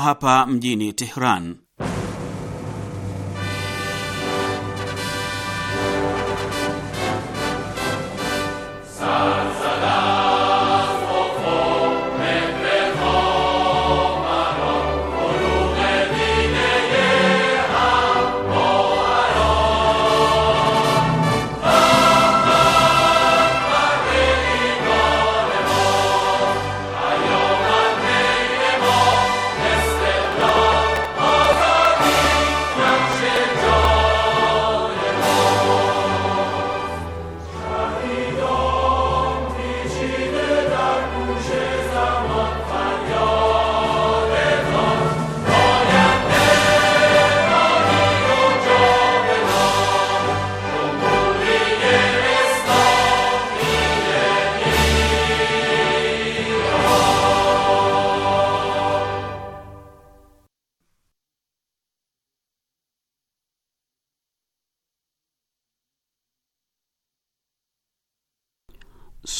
hapa mjini Tehran.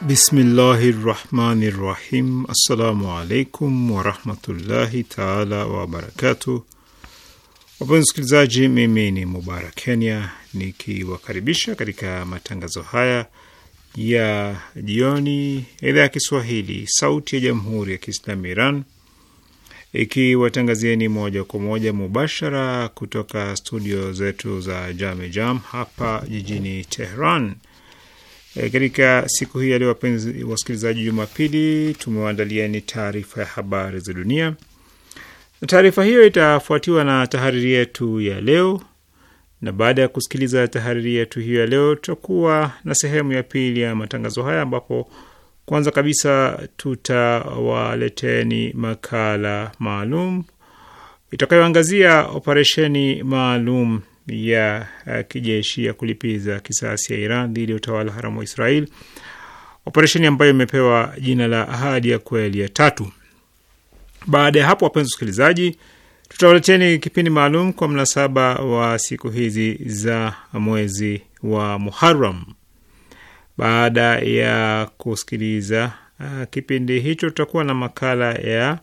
Bismillahi rahmani rahim. Assalamu alaikum warahmatullahi taala wabarakatu. Wapenzi msikilizaji, mimi ni Mubarak Kenya nikiwakaribisha katika matangazo haya ya jioni ya idhaa ya Kiswahili sauti ya jamhuri ya Kiislamu Iran ikiwatangazieni moja kwa moja mubashara kutoka studio zetu za Jamejam Jam hapa jijini Tehran. E, katika siku hii ya leo wapenzi wasikilizaji, Jumapili ni taarifa ya habari za dunia. Taarifa hiyo itafuatiwa na tahariri yetu ya leo, na baada ya kusikiliza tahariri yetu hiyo ya leo, tutakuwa na sehemu ya pili ya matangazo haya, ambapo kwanza kabisa tutawaleteni makala maalum itakayoangazia operesheni maalum ya eh, kijeshi ya kulipiza kisasi ya Iran dhidi ya utawala haramu wa Israel, operesheni ambayo imepewa jina la Ahadi ya Kweli ya Tatu. Baada ya hapo, wapenzi wasikilizaji, tutawaleteni kipindi maalum kwa mnasaba wa siku hizi za mwezi wa Muharram. Baada ya kusikiliza uh, kipindi hicho, tutakuwa na makala ya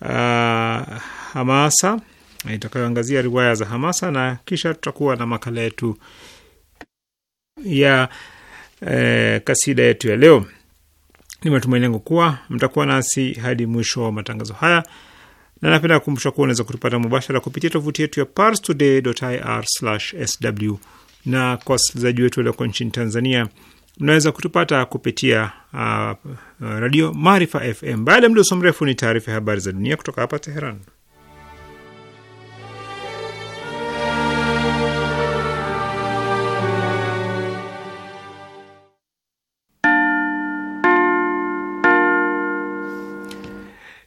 uh, hamasa itakayoangazia riwaya za hamasa na kisha tutakuwa na makala yetu ya e, kasida yetu ya leo. Ni matumaini yangu kuwa mtakuwa nasi hadi mwisho wa matangazo haya, na napenda kukumbusha kuwa unaweza kutupata mubashara kupitia tovuti yetu ya parstoday.ir/sw, na kwa wasikilizaji wetu walioko nchini Tanzania mnaweza kutupata kupitia uh, uh radio Maarifa FM. Baada ya mdoso mrefu ni taarifa ya habari za dunia kutoka hapa Teheran.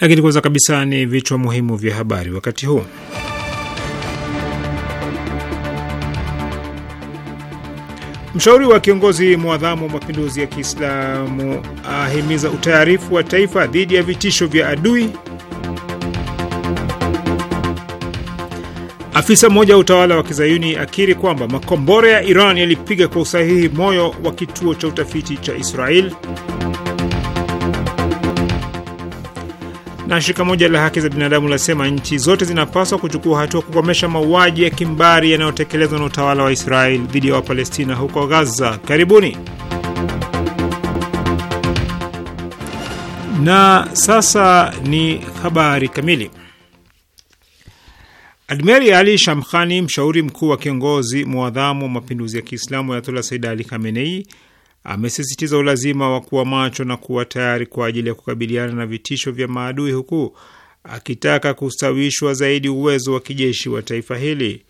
Lakini kwanza kabisa ni vichwa muhimu vya habari wakati huu. Mshauri wa kiongozi mwadhamu wa mapinduzi ya Kiislamu ahimiza utayarifu wa taifa dhidi ya vitisho vya adui. Afisa mmoja wa utawala wa kizayuni akiri kwamba makombora ya Iran yalipiga kwa usahihi moyo wa kituo cha utafiti cha Israel. Na shirika moja la haki za binadamu lasema nchi zote zinapaswa kuchukua hatua kukomesha mauaji ya kimbari yanayotekelezwa na utawala wa Israeli dhidi ya Wapalestina huko Gaza. Karibuni. Na sasa ni habari kamili. Admeri Ali Shamkhani, mshauri mkuu wa kiongozi mwadhamu wa mapinduzi ya Kiislamu Ayatola Said Ali Khamenei amesisitiza ulazima wa kuwa macho na kuwa tayari kwa ajili ya kukabiliana na vitisho vya maadui huku akitaka kustawishwa zaidi uwezo wa kijeshi wa taifa hili.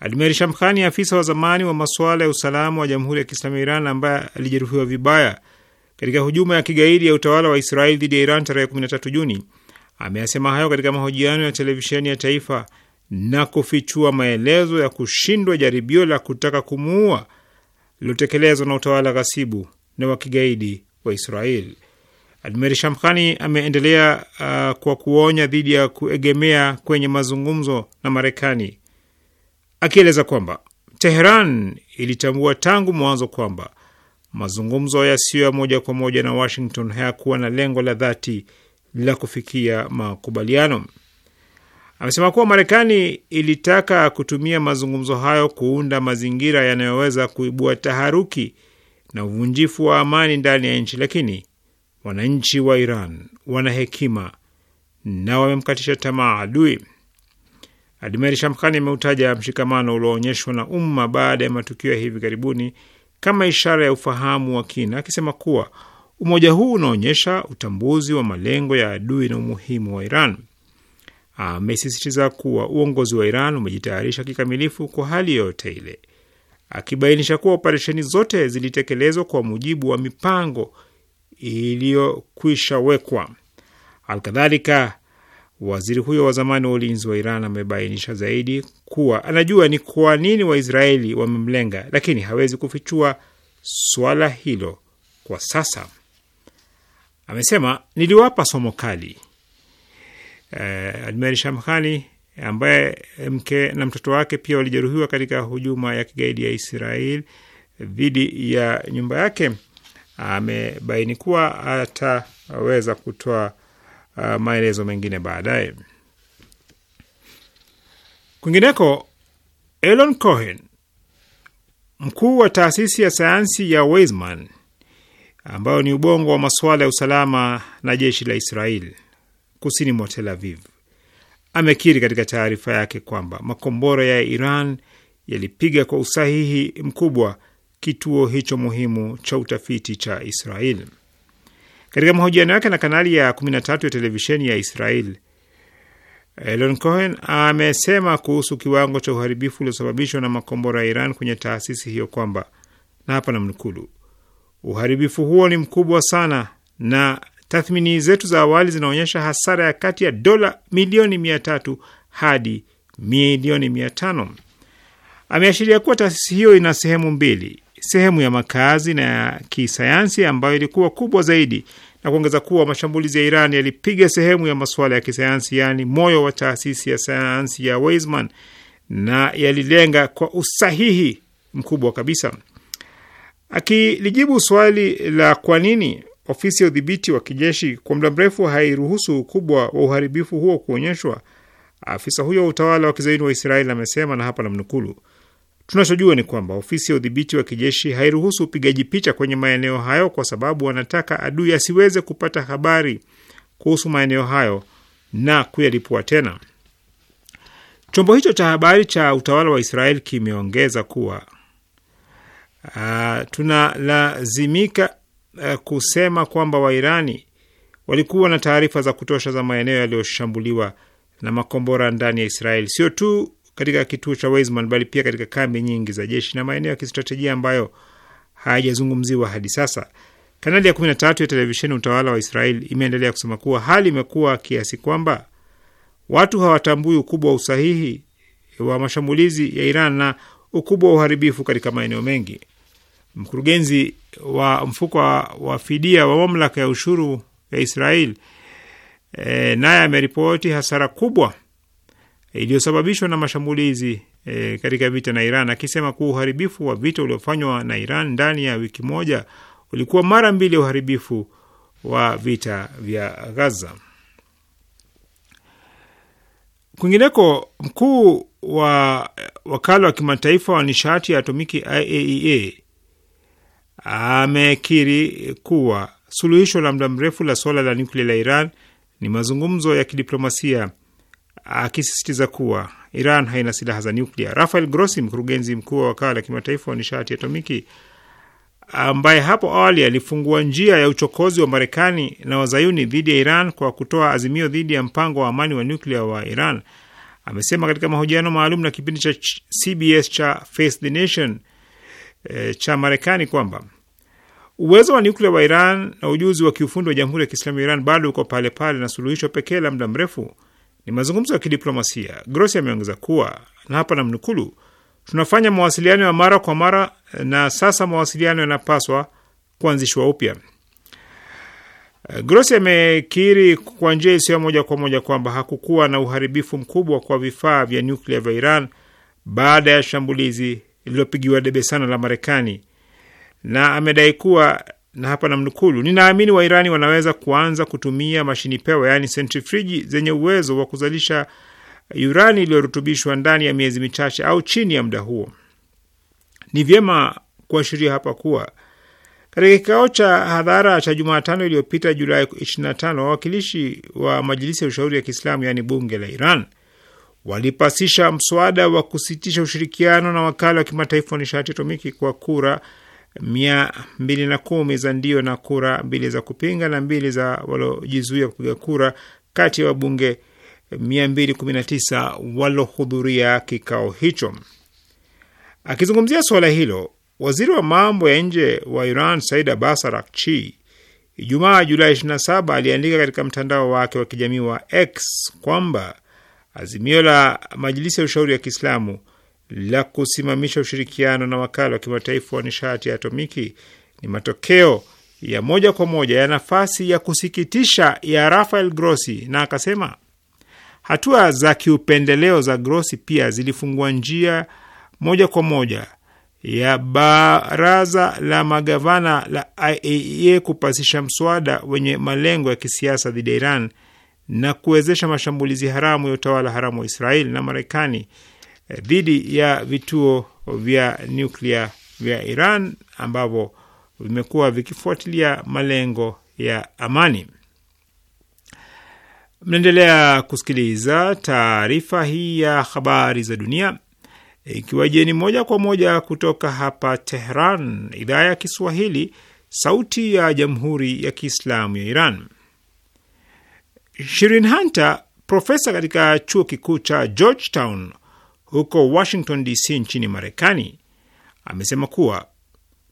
Admeri Shamkhani, afisa wa zamani wa masuala ya usalama wa Jamhuri ya Kiislamu ya Iran ambaye alijeruhiwa vibaya katika hujuma ya kigaidi ya utawala wa Israeli dhidi ya Iran tarehe 13 Juni, ameyasema hayo katika mahojiano ya televisheni ya taifa na kufichua maelezo ya kushindwa jaribio la kutaka kumuua lililotekelezwa na utawala ghasibu na wa kigaidi wa Israel. Admeri Shamkhani ameendelea uh, kwa kuonya dhidi ya kuegemea kwenye mazungumzo na Marekani, akieleza kwamba Teheran ilitambua tangu mwanzo kwamba mazungumzo yasiyo ya moja kwa moja na Washington hayakuwa na lengo la dhati la kufikia makubaliano. Amesema kuwa Marekani ilitaka kutumia mazungumzo hayo kuunda mazingira yanayoweza kuibua taharuki na uvunjifu wa amani ndani ya nchi, lakini wananchi wa Iran wana hekima na wamemkatisha tamaa adui. Admeri Shamkhani ameutaja mshikamano ulioonyeshwa na umma baada ya matukio ya hivi karibuni kama ishara ya ufahamu wa kina, akisema kuwa umoja huu unaonyesha utambuzi wa malengo ya adui na umuhimu wa Iran amesisitiza kuwa uongozi wa Iran umejitayarisha kikamilifu kwa hali yoyote ile, akibainisha kuwa operesheni zote zilitekelezwa kwa mujibu wa mipango iliyokwisha wekwa. Alkadhalika, waziri huyo wa zamani wa ulinzi wa Iran amebainisha zaidi kuwa anajua ni kwa nini Waisraeli wamemlenga, lakini hawezi kufichua swala hilo kwa sasa. Amesema, niliwapa somo kali eh, Ajmeri Shamkhani ambaye mke na mtoto wake pia walijeruhiwa katika hujuma ya kigaidi ya Israel dhidi ya nyumba yake, amebaini kuwa ataweza kutoa uh, maelezo mengine baadaye. Kwingineko, Elon Cohen, mkuu wa taasisi ya sayansi ya Weizmann ambayo ni ubongo wa masuala ya usalama na jeshi la Israeli kusini mwa Tel Aviv. Amekiri katika taarifa yake kwamba makombora ya Iran yalipiga kwa usahihi mkubwa kituo hicho muhimu cha utafiti cha Israel. Katika mahojiano yake na kanali ya 13 ya televisheni ya Israel, Elon Cohen amesema kuhusu kiwango cha uharibifu uliosababishwa na makombora ya Iran kwenye taasisi hiyo kwamba, na hapa namnukulu, uharibifu huo ni mkubwa sana na Tathmini zetu za awali zinaonyesha hasara ya kati ya dola milioni mia tatu hadi milioni mia tano. Ameashiria kuwa taasisi hiyo ina sehemu mbili, sehemu ya makazi na ya kisayansi ambayo ilikuwa kubwa zaidi, na kuongeza kuwa mashambulizi ya Iran yalipiga sehemu ya masuala ya kisayansi, yaani moyo wa taasisi ya sayansi ya Weizmann na yalilenga kwa usahihi mkubwa kabisa. Akilijibu swali la kwa nini ofisi ya udhibiti wa kijeshi kwa muda mrefu hairuhusu ukubwa wa uharibifu huo kuonyeshwa. Afisa huyo wa utawala wa kizaini wa Israeli amesema, na hapa namnukulu: tunachojua ni kwamba ofisi ya udhibiti wa kijeshi hairuhusu upigaji picha kwenye maeneo hayo kwa sababu wanataka adui asiweze kupata habari kuhusu maeneo hayo na kuyalipua tena. Chombo hicho cha habari cha utawala wa Israeli kimeongeza kuwa uh, tunalazimika Eh, kusema kwamba Wairani walikuwa na taarifa za kutosha za maeneo yaliyoshambuliwa na makombora ndani ya Israeli, sio tu katika kituo cha Weizmann bali pia katika kambi nyingi za jeshi na maeneo ya kistratejia ambayo hayajazungumziwa hadi sasa. Kanali ya 13 ya televisheni utawala wa Israeli imeendelea kusema kuwa hali imekuwa kiasi kwamba watu hawatambui ukubwa wa usahihi wa mashambulizi ya Iran na ukubwa wa uharibifu katika maeneo mengi mkurugenzi wa mfuko wa fidia wa mamlaka ya ushuru ya Israel e, naye ameripoti hasara kubwa iliyosababishwa na mashambulizi e, katika vita na Iran, akisema kuwa uharibifu wa vita uliofanywa na Iran ndani ya wiki moja ulikuwa mara mbili ya uharibifu wa vita vya Gaza. Kwingineko, mkuu wa wakala wa kimataifa wa nishati ya atomiki IAEA e amekiri kuwa suluhisho la muda mrefu la suala la nyuklia la Iran ni mazungumzo ya kidiplomasia, akisisitiza kuwa Iran haina silaha za nyuklia. Rafael Grossi, mkurugenzi mkuu wa wakala la kimataifa wa nishati ya atomiki, ambaye hapo awali alifungua njia ya uchokozi wa Marekani na wazayuni dhidi ya Iran kwa kutoa azimio dhidi ya mpango wa amani wa nyuklia wa Iran, amesema katika mahojiano maalum na kipindi cha CBS cha Face the Nation e, cha Marekani kwamba Uwezo wa nyuklia wa Iran na ujuzi wa kiufundi wa Jamhuri ya Kiislamu ya Iran bado uko pale pale, na suluhisho pekee la muda mrefu ni mazungumzo ya kidiplomasia. Grossi ameongeza kuwa, na hapa namnukulu, tunafanya mawasiliano ya mara kwa mara na sasa mawasiliano yanapaswa kuanzishwa upya. Grossi amekiri kwa njia isiyo moja kwa moja kwamba hakukuwa na uharibifu mkubwa kwa vifaa vya nyuklia vya Iran baada ya shambulizi lililopigiwa debe sana la Marekani na amedai kuwa na hapa namnukulu, ninaamini Wairani wanaweza kuanza kutumia mashini pewa, yaani sentrifriji zenye uwezo wa kuzalisha urani iliyorutubishwa ndani ya miezi michache au chini ya muda huo. Ni vyema kuashiria hapa kuwa katika kikao cha hadhara cha Jumatano iliyopita Julai 25 wawakilishi wa majilisi ya ushauri ya Kiislamu yaani bunge la Iran walipasisha mswada wa kusitisha ushirikiano na wakala wa kimataifa wa nishati atomiki kwa kura mia mbili na kumi za ndio na kura mbili za kupinga na mbili za waliojizuia kupiga kura kati ya wabunge 219 walohudhuria kikao hicho. Akizungumzia suala hilo, waziri wa mambo ya nje wa Iran Said Abbas Araghchi Ijumaa Julai 27 aliandika katika mtandao wake wa kijamii wa X kwamba azimio la Majilisi ya Ushauri ya Kiislamu la kusimamisha ushirikiano na wakala wa kimataifa wa nishati ya atomiki ni matokeo ya moja kwa moja ya nafasi ya kusikitisha ya Rafael Grossi, na akasema hatua za kiupendeleo za Grossi pia zilifungua njia moja kwa moja ya baraza la magavana la IAEA e kupasisha mswada wenye malengo ya kisiasa dhidi ya Iran na kuwezesha mashambulizi haramu ya utawala haramu wa Israeli na Marekani Eh, dhidi ya vituo vya nyuklia vya Iran ambavyo vimekuwa vikifuatilia malengo ya amani. Mnaendelea kusikiliza taarifa hii ya habari za dunia ikiwa jeni moja kwa moja kutoka hapa Tehran, idhaa ya Kiswahili, sauti ya jamhuri ya kiislamu ya Iran. Shirin Hunter, profesa katika chuo kikuu cha Georgetown huko Washington DC nchini Marekani amesema kuwa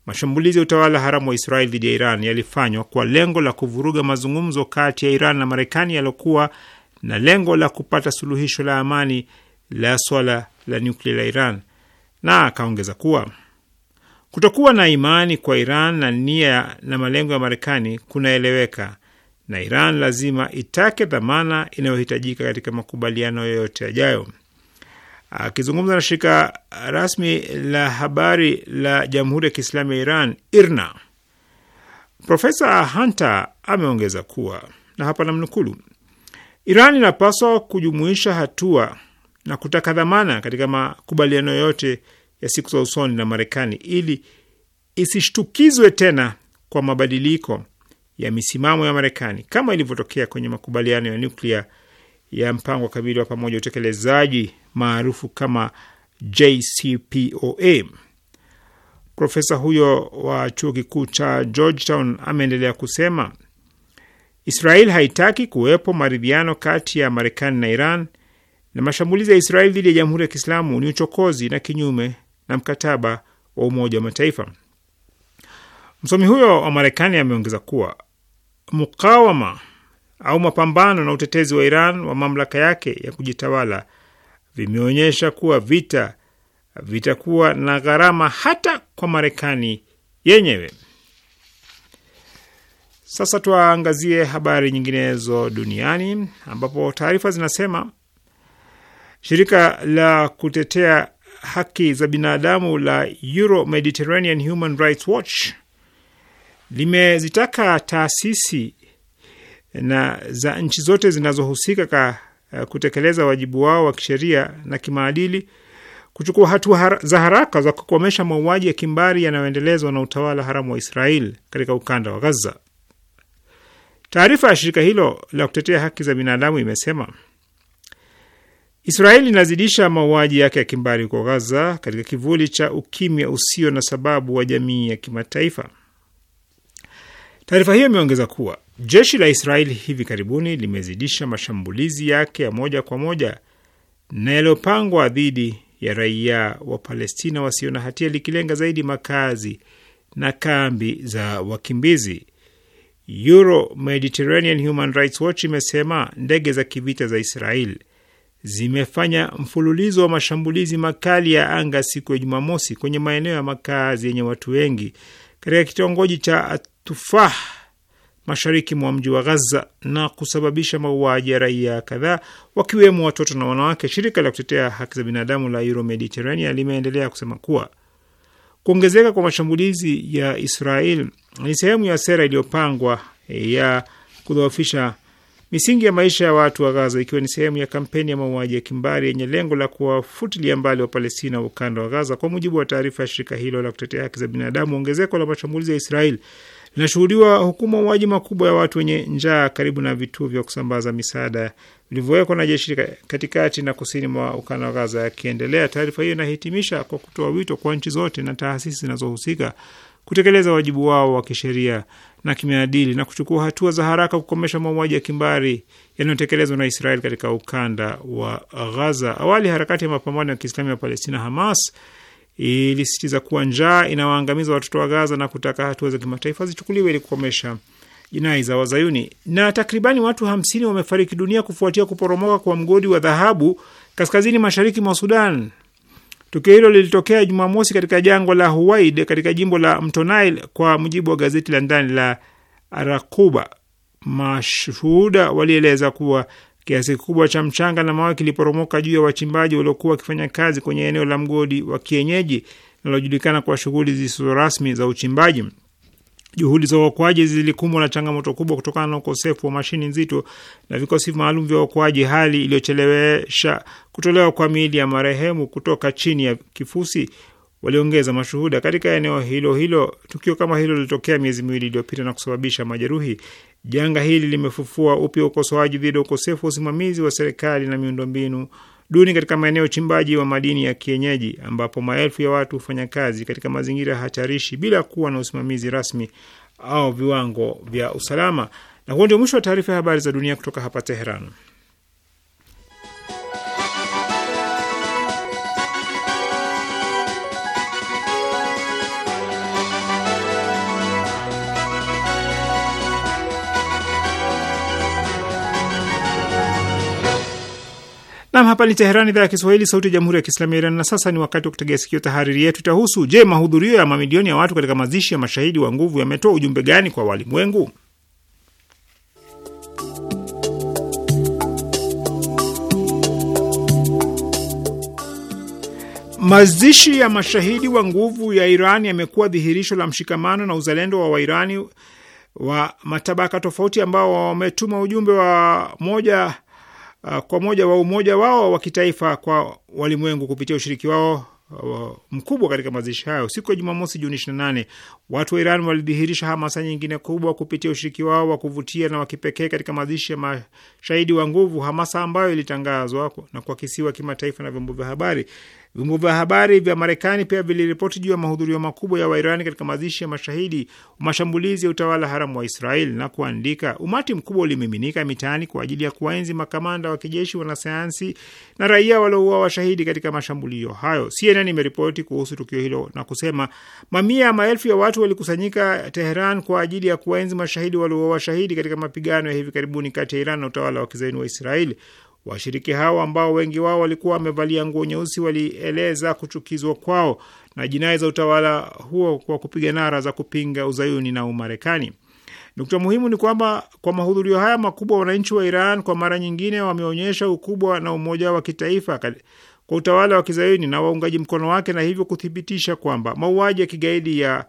mashambulizi ya utawala haramu wa Israeli dhidi ya Iran yalifanywa kwa lengo la kuvuruga mazungumzo kati ya Iran na Marekani yaliokuwa na lengo la kupata suluhisho la amani la swala la nyuklia la Iran, na akaongeza kuwa kutokuwa na imani kwa Iran na nia na malengo ya Marekani kunaeleweka na Iran lazima itake dhamana inayohitajika katika makubaliano yoyote yajayo. Akizungumza na shirika rasmi la habari la Jamhuri ya Kiislamu ya Iran, IRNA, Profesa Hunter ameongeza kuwa, na hapa namnukulu, Iran inapaswa kujumuisha hatua na kutaka dhamana katika makubaliano yote ya siku za usoni na Marekani ili isishtukizwe tena kwa mabadiliko ya misimamo ya Marekani kama ilivyotokea kwenye makubaliano ya nuklia ya mpango kabili wa pamoja utekelezaji maarufu kama JCPOA. Profesa huyo wa chuo kikuu cha Georgetown ameendelea kusema Israel haitaki kuwepo maridhiano kati ya Marekani na Iran na mashambulizi ya Israel dhidi ya Jamhuri ya Kiislamu ni uchokozi na kinyume na mkataba wa Umoja wa Mataifa. Msomi huyo wa Marekani ameongeza kuwa mukawama au mapambano na utetezi wa Iran wa mamlaka yake ya kujitawala vimeonyesha kuwa vita vitakuwa na gharama hata kwa Marekani yenyewe. Sasa tuangazie habari nyinginezo duniani ambapo taarifa zinasema shirika la kutetea haki za binadamu la Euro Mediterranean Human Rights Watch limezitaka taasisi na za nchi zote zinazohusika Eh, kutekeleza wajibu wao wa kisheria na kimaadili, kuchukua hatua za haraka za kukomesha mauaji ya kimbari yanayoendelezwa na utawala haramu wa Israel katika ukanda wa Gaza. Taarifa ya shirika hilo la kutetea haki za binadamu imesema Israeli inazidisha mauaji yake ya kimbari huko Gaza katika kivuli cha ukimya usio na sababu wa jamii ya kimataifa. Taarifa hiyo imeongeza kuwa Jeshi la Israeli hivi karibuni limezidisha mashambulizi yake ya moja kwa moja na yaliyopangwa dhidi ya raia wa Palestina wasio na hatia, likilenga zaidi makazi na kambi za wakimbizi. Euro Mediterranean Human Rights Watch imesema ndege za kivita za Israel zimefanya mfululizo wa mashambulizi makali ya anga siku ya Jumamosi kwenye maeneo ya makazi yenye watu wengi katika kitongoji cha Atufah mashariki mwa mji wa Gaza na kusababisha mauaji ya raia kadhaa wakiwemo watoto na wanawake. Shirika la kutetea haki za binadamu la Euro Mediterranean limeendelea kusema kuwa kuongezeka kwa mashambulizi ya Israel ni sehemu ya sera iliyopangwa eh, ya kudhoofisha misingi ya maisha ya watu wa Gaza, ikiwa ni sehemu ya kampeni ya mauaji ya kimbari yenye lengo la kuwafutilia mbali wa Palestina ukanda wa Gaza. Kwa mujibu wa taarifa ya shirika hilo la kutetea haki za binadamu, ongezeko la mashambulizi ya Israel linashuhudiwa huku mauaji makubwa ya watu wenye njaa karibu na vituo vya kusambaza misaada vilivyowekwa na jeshi katikati na kusini mwa ukanda wa Gaza yakiendelea. Taarifa hiyo inahitimisha kwa kutoa wito kwa nchi zote na taasisi zinazohusika kutekeleza wajibu wao wa kisheria na kimaadili na kuchukua hatua za haraka kukomesha mauaji ya kimbari yanayotekelezwa na Israeli katika ukanda wa Gaza. Awali harakati ya mapambano ya Kiislamu ya Palestina Hamas ilisitiza kuwa njaa inawaangamiza watoto wa Gaza na kutaka hatua za kimataifa zichukuliwe ili kukomesha jinai za Wazayuni. Na takribani watu hamsini wamefariki dunia kufuatia kuporomoka kwa mgodi wa dhahabu kaskazini mashariki mwa Sudan. Tukio hilo lilitokea Jumamosi katika jangwa la Huwaid katika jimbo la mto Nile, kwa mujibu wa gazeti la ndani la Arakuba. Mashuhuda walieleza kuwa Kiasi kikubwa cha mchanga na mawe kiliporomoka juu ya wachimbaji waliokuwa wakifanya kazi kwenye eneo la mgodi wa kienyeji linalojulikana kwa shughuli zisizo rasmi za uchimbaji. Juhudi za uokoaji zilikumbwa na changamoto kubwa kutokana na ukosefu wa mashini nzito na vikosi maalum vya uokoaji, hali iliyochelewesha kutolewa kwa miili ya marehemu kutoka chini ya kifusi, waliongeza mashuhuda. Katika eneo hilo hilo, tukio kama hilo lilitokea miezi miwili iliyopita na kusababisha majeruhi. Janga hili limefufua upya ukosoaji dhidi ya ukosefu wa usimamizi wa serikali na miundombinu duni katika maeneo chimbaji wa madini ya kienyeji ambapo maelfu ya watu hufanya kazi katika mazingira hatarishi bila kuwa na usimamizi rasmi au viwango vya usalama. Na huo ndio mwisho wa taarifa ya habari za dunia kutoka hapa Teheran. Nam, hapa ni Teherani, idhaa ya Kiswahili, sauti ya jamhuri ya kiislamu ya Iran. Na sasa ni wakati wa kutegea sikio. Tahariri yetu itahusu: Je, mahudhurio ya mamilioni ya watu katika mazishi ya mashahidi wa nguvu yametoa ujumbe gani kwa walimwengu? Mazishi ya mashahidi wa nguvu ya Iran yamekuwa dhihirisho la mshikamano na uzalendo wa Wairani wa matabaka tofauti ambao wametuma ujumbe wa moja Ah, kwa moja wa umoja wao wa kitaifa kwa walimwengu kupitia ushiriki wao ah, mkubwa katika mazishi hayo. Siku ya Jumamosi, Juni 28, watu wa Iran walidhihirisha hamasa nyingine kubwa kupitia ushiriki wao wa kuvutia na wa kipekee katika mazishi ya mashahidi wa nguvu, hamasa ambayo ilitangazwa na kuakisiwa kimataifa na vyombo vya habari. Vyombo vya habari vya Marekani pia viliripoti juu ya mahudhurio makubwa ya Wairani katika mazishi ya mashahidi mashambulizi ya utawala haramu wa Israel na kuandika, umati mkubwa ulimiminika mitaani kwa ajili ya kuwaenzi makamanda wa kijeshi, wanasayansi na raia waliouawa washahidi katika mashambulio hayo. CNN imeripoti kuhusu tukio hilo na kusema mamia ya maelfu ya watu walikusanyika Teheran kwa ajili ya kuwaenzi mashahidi waliouawa washahidi katika mapigano ya hivi karibuni kati ya Iran na utawala wa kizaini wa Israeli. Washiriki hao ambao wengi wao walikuwa wamevalia nguo nyeusi walieleza kuchukizwa kwao na jinai za utawala huo kwa kupiga nara za kupinga uzayuni na Umarekani. Nukta muhimu ni kwamba kwa mahudhurio haya makubwa, wananchi wa Iran kwa mara nyingine wameonyesha ukubwa na umoja wa kitaifa kwa utawala wa kizayuni na waungaji mkono wake, na hivyo kuthibitisha kwamba mauaji ya kigaidi ya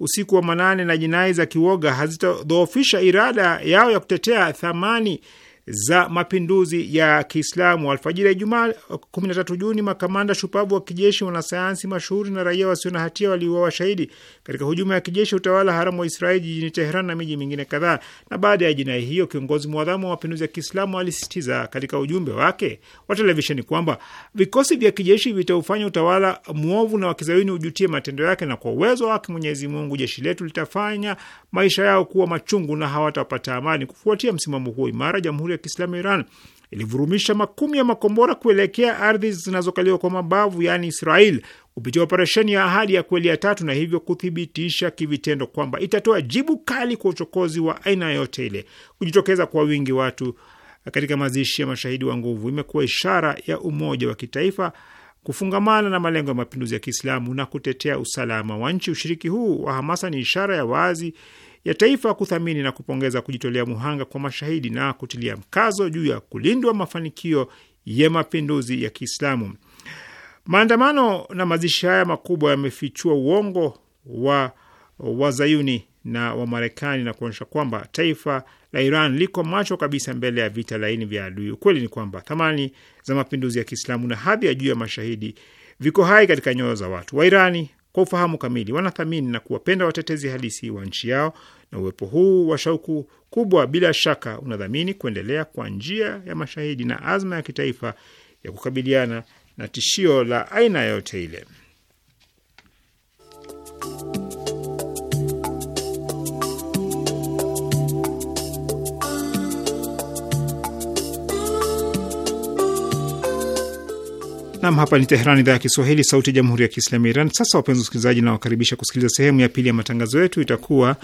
usiku wa manane na jinai za kiwoga hazitadhoofisha irada yao ya kutetea thamani za mapinduzi ya Kiislamu. Alfajiri ya Ijumaa 13 Juni, makamanda shupavu wa kijeshi, wanasayansi mashuhuri na raia wasio na hatia waliuawa washahidi katika hujuma ya kijeshi utawala haramu wa Israeli jijini Teheran na miji mingine kadhaa. Na baada ya jinai hiyo, kiongozi mwadhamu wa mapinduzi ya Kiislamu alisisitiza katika ujumbe wake wa televisheni kwamba vikosi vya kijeshi vitaufanya utawala mwovu na wakizawini ujutie matendo yake, na kwa uwezo wake Mwenyezi Mungu jeshi letu litafanya maisha yao kuwa machungu na hawatapata amani. Kufuatia msimamo huo imara, jamhuri ya Kiislamu ya Iran ilivurumisha makumi ya makombora kuelekea ardhi zinazokaliwa kwa mabavu yaani Israel kupitia operesheni ya Ahadi ya Kweli ya tatu na hivyo kuthibitisha kivitendo kwamba itatoa jibu kali kwa uchokozi wa aina yoyote ile. Kujitokeza kwa wingi watu katika mazishi ya mashahidi wa nguvu imekuwa ishara ya umoja wa kitaifa, kufungamana na malengo ya mapinduzi ya Kiislamu na kutetea usalama wa nchi. Ushiriki huu wa hamasa ni ishara ya wazi ya taifa kuthamini na kupongeza kujitolea muhanga kwa mashahidi na kutilia mkazo juu ya kulindwa mafanikio ya mapinduzi ya Kiislamu. Maandamano na mazishi haya makubwa yamefichua uongo wa wazayuni na Wamarekani na kuonyesha kwamba taifa la Iran liko macho kabisa mbele ya vita laini vya adui. Ukweli ni kwamba thamani za mapinduzi ya Kiislamu na hadhi ya juu ya mashahidi viko hai katika nyoyo za watu Wairani. Kwa ufahamu kamili, wanathamini na kuwapenda watetezi halisi wa nchi yao na uwepo huu wa shauku kubwa bila shaka unadhamini kuendelea kwa njia ya mashahidi na azma ya kitaifa ya kukabiliana na tishio la aina yoyote ile. Nam, hapa ni Teheran, idhaa ya Kiswahili, sauti ya jamhuri ya kiislamu ya Iran. Sasa wapenzi wasikilizaji, nawakaribisha kusikiliza sehemu ya pili ya matangazo yetu. Itakuwa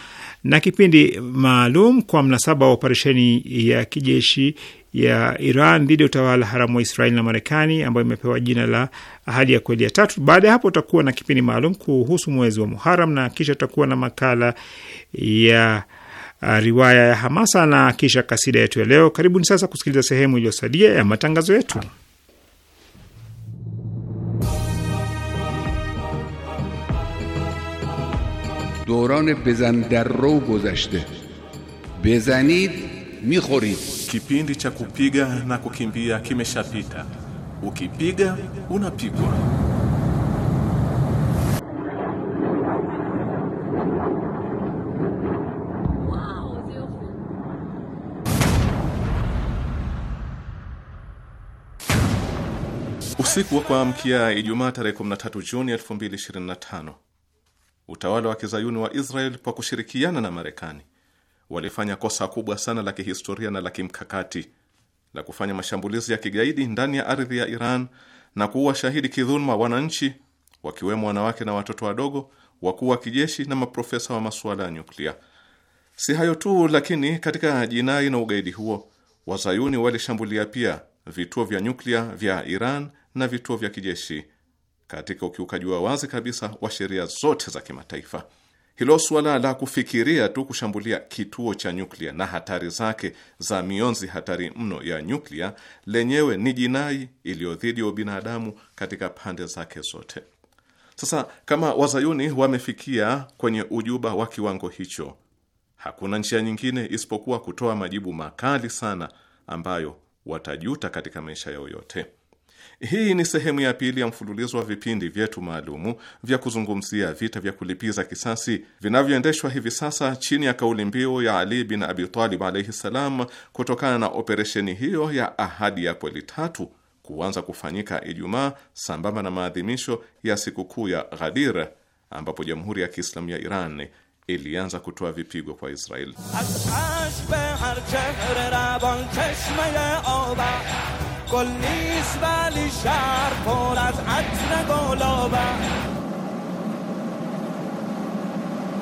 na kipindi maalum kwa mnasaba wa operesheni ya kijeshi ya Iran dhidi ya utawala haramu wa Israeli na Marekani ambayo imepewa jina la Ahadi ya Kweli ya Tatu. Baada ya hapo, utakuwa na kipindi maalum kuhusu mwezi wa Muharam na kisha utakuwa na makala ya uh, riwaya ya hamasa na kisha kasida yetu ya leo. Karibuni sasa kusikiliza sehemu iliyosalia ya matangazo yetu. دوران بزن در رو گذشته بزنید میخورید kipindi cha kupiga na kukimbia kimeshapita ukipiga unapigwa usiku wa kuamkia ijumaa tarehe 13 juni 2025 utawala wa kizayuni wa Israel kwa kushirikiana na Marekani walifanya kosa kubwa sana la kihistoria na la kimkakati la kufanya mashambulizi ya kigaidi ndani ya ardhi ya Iran na kuua shahidi kidhuluma wananchi wakiwemo wanawake na watoto wadogo, wakuu wa kijeshi na maprofesa wa masuala ya nyuklia. Si hayo tu, lakini katika jinai na ugaidi huo wazayuni walishambulia pia vituo vya nyuklia vya Iran na vituo vya kijeshi katika ukiukaji wa wazi kabisa wa sheria zote za kimataifa. Hilo suala la kufikiria tu kushambulia kituo cha nyuklia na hatari zake za mionzi hatari mno ya nyuklia lenyewe ni jinai iliyo dhidi ya ubinadamu katika pande zake zote. Sasa kama wazayuni wamefikia kwenye ujuba wa kiwango hicho, hakuna njia nyingine isipokuwa kutoa majibu makali sana ambayo watajuta katika maisha yao yote. Hii ni sehemu ya pili ya mfululizo wa vipindi vyetu maalumu vya kuzungumzia vita vya kulipiza kisasi vinavyoendeshwa hivi sasa chini ya kauli mbiu ya Ali bin Abi Talib alaihi ssalam, kutokana na operesheni hiyo ya Ahadi ya Kweli tatu kuanza kufanyika Ijumaa sambamba na maadhimisho ya sikukuu ya Ghadir ambapo Jamhuri ya Kiislamu ya Iran ilianza kutoa vipigo kwa Israeli. گل نیست ولی شهر پر از عطر گلابه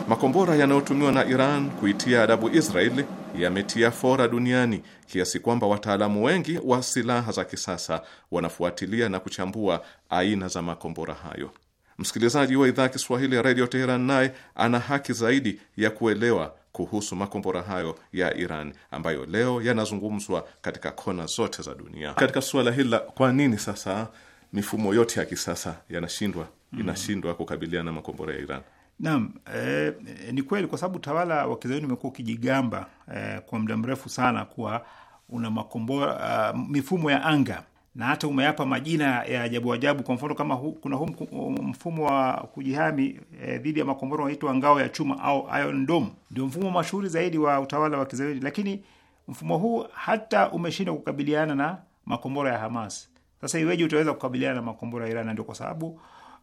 Makombora yanayotumiwa na Iran kuitia adabu Israeli yametia fora duniani kiasi kwamba wataalamu wengi wa silaha za kisasa wanafuatilia na kuchambua aina za makombora hayo. Msikilizaji wa idhaa ya Kiswahili ya redio Teheran naye ana haki zaidi ya kuelewa kuhusu makombora hayo ya Iran ambayo leo yanazungumzwa katika kona zote za dunia. Katika suala hili la kwa nini sasa mifumo yote ya kisasa yanashindwa mm inashindwa kukabiliana na makombora ya Iran. Naam, eh, ni kweli kwa sababu utawala wa kizayuni umekuwa ukijigamba eh, kwa muda mrefu sana kuwa una makombora uh, mifumo ya anga na hata umeyapa majina ya ajabu ajabu. Kwa mfano kama hu, kuna huu mfumo wa kujihami e, dhidi ya makombora unaitwa ngao ya chuma au Iron Dome, ndio mfumo mashuhuri zaidi wa utawala wa Kizayuni, lakini mfumo huu hata umeshindwa kukabiliana na makombora ya Hamas. Sasa iweje utaweza kukabiliana na makombora ya Iran? ndio kwa sababu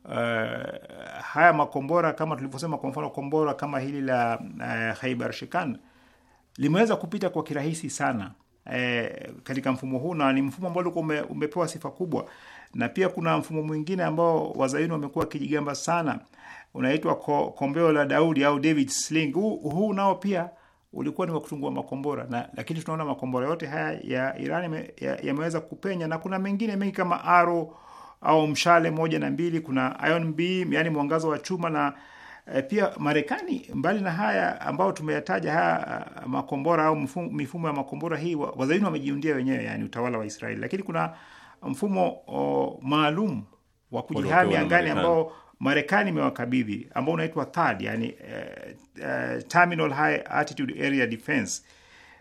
Uh, haya makombora kama tulivyosema, kwa mfano kombora kama hili la uh, eh, Khaibar Shikan limeweza kupita kwa kirahisi sana e, katika mfumo huu na ni mfumo ambao ulikuwa ume, umepewa sifa kubwa. Na pia kuna mfumo mwingine ambao wazayuni wamekuwa wakijigamba sana, unaitwa ko, kombeo la Daudi au David Sling. Huu nao pia ulikuwa ni wa kutungua makombora na, lakini tunaona makombora yote haya ya Iran yameweza ya kupenya, na kuna mengine mengi kama aro au mshale moja na mbili, kuna ion beam, yani mwangazo wa chuma na Eh, pia Marekani, mbali na haya ambao tumeyataja haya ah, makombora au mifumo ya makombora hii, wazayuni wamejiundia wenyewe, yani utawala wa Israeli, lakini kuna mfumo maalum wa kujihami angani ambao Marekani imewakabidhi ambao unaitwa THAD, yani uh, uh, Terminal High Altitude Area Defense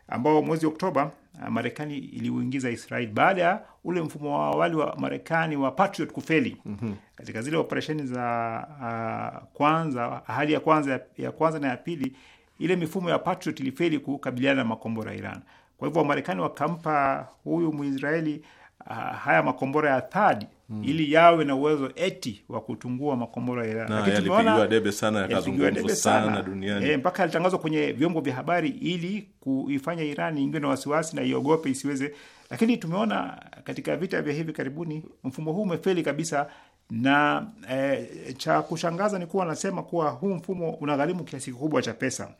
ambao mwezi Oktoba ah, Marekani iliuingiza Israeli baada ya ule mfumo wa awali wa Marekani wa Patriot kufeli mm -hmm. katika zile operesheni za uh, kwanza hali ya kwanza ya kwanza na ya pili, ile mifumo ya Patriot ilifeli kukabiliana na makombora ya Iran. Kwa hivyo Wamarekani wakampa huyu Mwisraeli uh, haya makombora ya THAAD Hmm. ili yawe na uwezo eti wa kutungua makombora ya Iran, lakini tumeona debe sana yakazungumzwa sana duniani e, mpaka yalitangazwa kwenye vyombo vya habari ili kuifanya Iran ingiwe na wasiwasi na iogope isiweze lakini tumeona katika vita vya hivi karibuni mfumo huu umefeli kabisa, na e, cha kushangaza ni kuwa anasema kuwa huu mfumo unagharimu kiasi kikubwa cha pesa.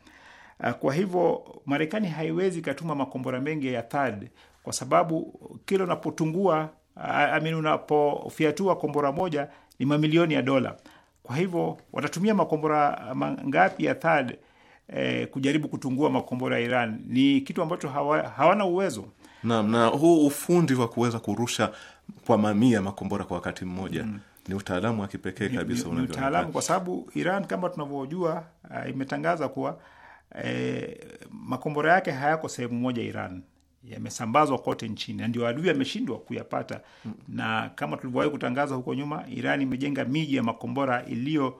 Ah, kwa hivyo Marekani haiwezi ikatuma makombora mengi ya THAD kwa sababu kila unapotungua amin, ah, unapofiatua kombora moja ni mamilioni ya dola. Kwa hivyo watatumia makombora ah, mangapi ya THAD eh, kujaribu kutungua makombora ya Iran? Ni kitu ambacho hawa, hawana uwezo. Naam, na huu ufundi wa kuweza kurusha kwa mamia makombora kwa wakati mmoja mm. Ni utaalamu wa kipekee kabisa, ni utaalamu kwa sababu Iran kama tunavyojua, uh, imetangaza kuwa E, makombora yake hayako sehemu moja Iran, yamesambazwa kote nchini na ndio adui ameshindwa kuyapata mm. Na kama tulivyowahi kutangaza huko nyuma, Iran imejenga miji ya makombora iliyo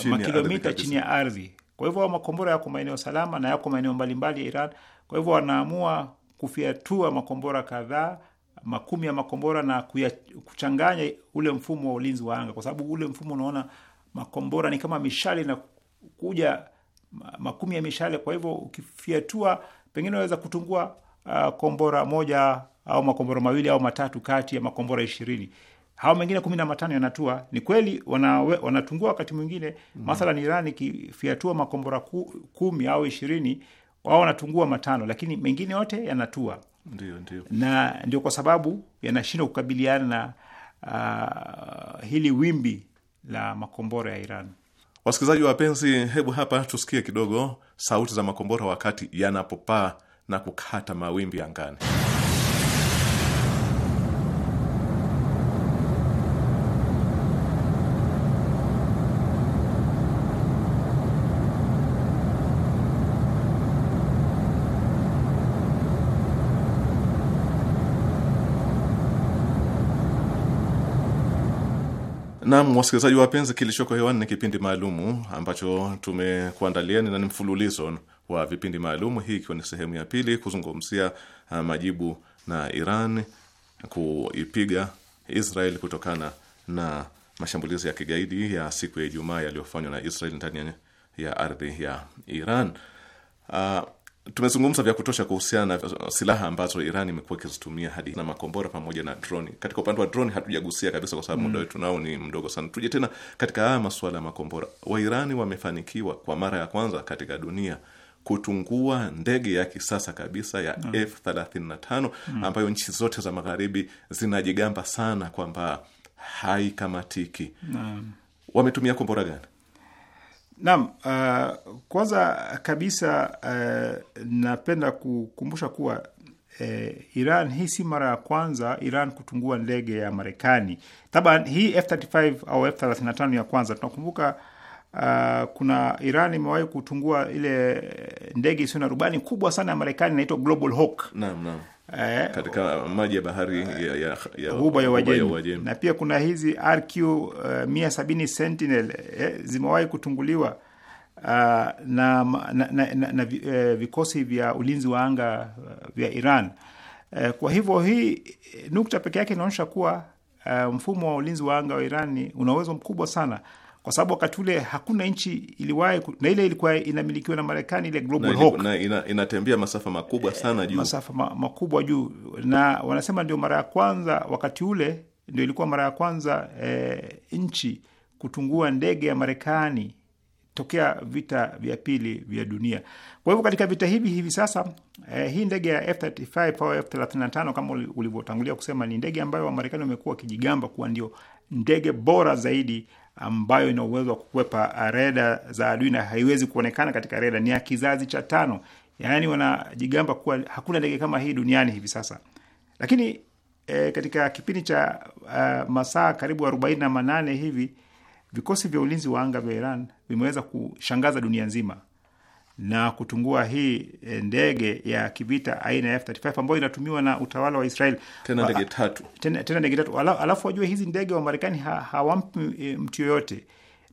eh, makilomita chini ya ardhi. Kwa hivyo makombora yako maeneo salama na yako maeneo mbalimbali ya Iran, kwa hivyo wanaamua kufiatua makombora kadhaa makumi ya makombora na kuya, kuchanganya ule mfumo wa ulinzi wa anga, kwa sababu ule mfumo unaona makombora ni kama mishale na kuja makumi ya mishale. Kwa hivyo ukifiatua, pengine unaweza kutungua uh, kombora moja au makombora mawili au matatu kati ya makombora ishirini hao mengine kumi na matano yanatua. Ni kweli wanawe, wanatungua wakati mwingine mm -hmm. Mathalan Iran ikifyatua makombora ku, kumi au ishirini wao wanatungua matano, lakini mengine yote yanatua. Ndiyo, ndiyo. Na ndio kwa sababu yanashindwa kukabiliana na uh, hili wimbi la makombora ya Iran. Wasikilizaji wapenzi, hebu hapa tusikie kidogo sauti za makombora wakati yanapopaa na kukata mawimbi angani. Nam wasikilizaji wapenzi, kilichoko hewani ni kipindi maalumu ambacho tumekuandaliani na ni mfululizo wa vipindi maalumu, hii ikiwa ni sehemu ya pili kuzungumzia ah, majibu na Iran kuipiga Israel kutokana na mashambulizi ya kigaidi ya siku ya Ijumaa yaliyofanywa na Israel ndani ya ardhi ya Iran. Uh, Tumezungumza vya kutosha kuhusiana na silaha ambazo Iran imekuwa ikizitumia hadi na makombora pamoja na droni. Katika upande wa droni hatujagusia kabisa, kwa sababu mm. muda mm, wetu nao ni mdogo sana. Tuje tena katika haya masuala ya makombora. Wairani wamefanikiwa kwa mara ya kwanza katika dunia kutungua ndege ya kisasa kabisa ya mm, F35 mm, ambayo nchi zote za magharibi zinajigamba sana kwamba haikamatiki. Mm, wametumia kombora gani? Naam, uh, kwanza kabisa uh, napenda kukumbusha kuwa uh, Iran hii si mara ya kwanza Iran kutungua ndege ya Marekani. Taban hii F35 au F35 ya kwanza tunakumbuka, uh, kuna Iran imewahi kutungua ile ndege isiyo na rubani kubwa sana ya Marekani inaitwa Global Hawk. Naam, naam eh, katika maji ya bahari ya, ya, ya Uajemi, na pia kuna hizi RQ uh, 170 Sentinel eh, zimewahi kutunguliwa uh, na, na, na, na, na eh, vikosi vya ulinzi wa anga eh, vya Iran eh, kwa hivyo hii eh, nukta peke yake inaonyesha kuwa uh, mfumo wa ulinzi wa anga wa Iran una uwezo mkubwa sana kwa sababu wakati ule hakuna nchi iliwahi na ile ilikuwa inamilikiwa na Marekani, ile Global Hawk na ina, inatembea masafa makubwa eh, sana juu, masafa ma, makubwa juu, na wanasema ndio mara ya kwanza wakati ule ndio ilikuwa mara ya kwanza e, nchi kutungua ndege ya Marekani tokea vita vya pili vya dunia. Kwa hivyo katika vita hivi hivi sasa e, hii ndege ya F35 au F35 kama ulivyotangulia kusema ni ndege ambayo Wamarekani wamekuwa wakijigamba kuwa ndio ndege bora zaidi ambayo ina uwezo wa kukwepa reda za adui na haiwezi kuonekana katika reda ni ya kizazi cha tano. Yaani wanajigamba kuwa hakuna ndege kama hii duniani hivi sasa, lakini e, katika kipindi cha uh, masaa karibu arobaini na manane hivi vikosi vya ulinzi wa anga vya Iran vimeweza kushangaza dunia nzima na kutungua hii eh, ndege ya kivita aina ya F35 ambayo inatumiwa na utawala wa Israel, tena ndege tatu, tena, tena ndege tatu. Ala, alafu wajue hizi ndege wa Marekani ha, hawampi eh, mtu yoyote.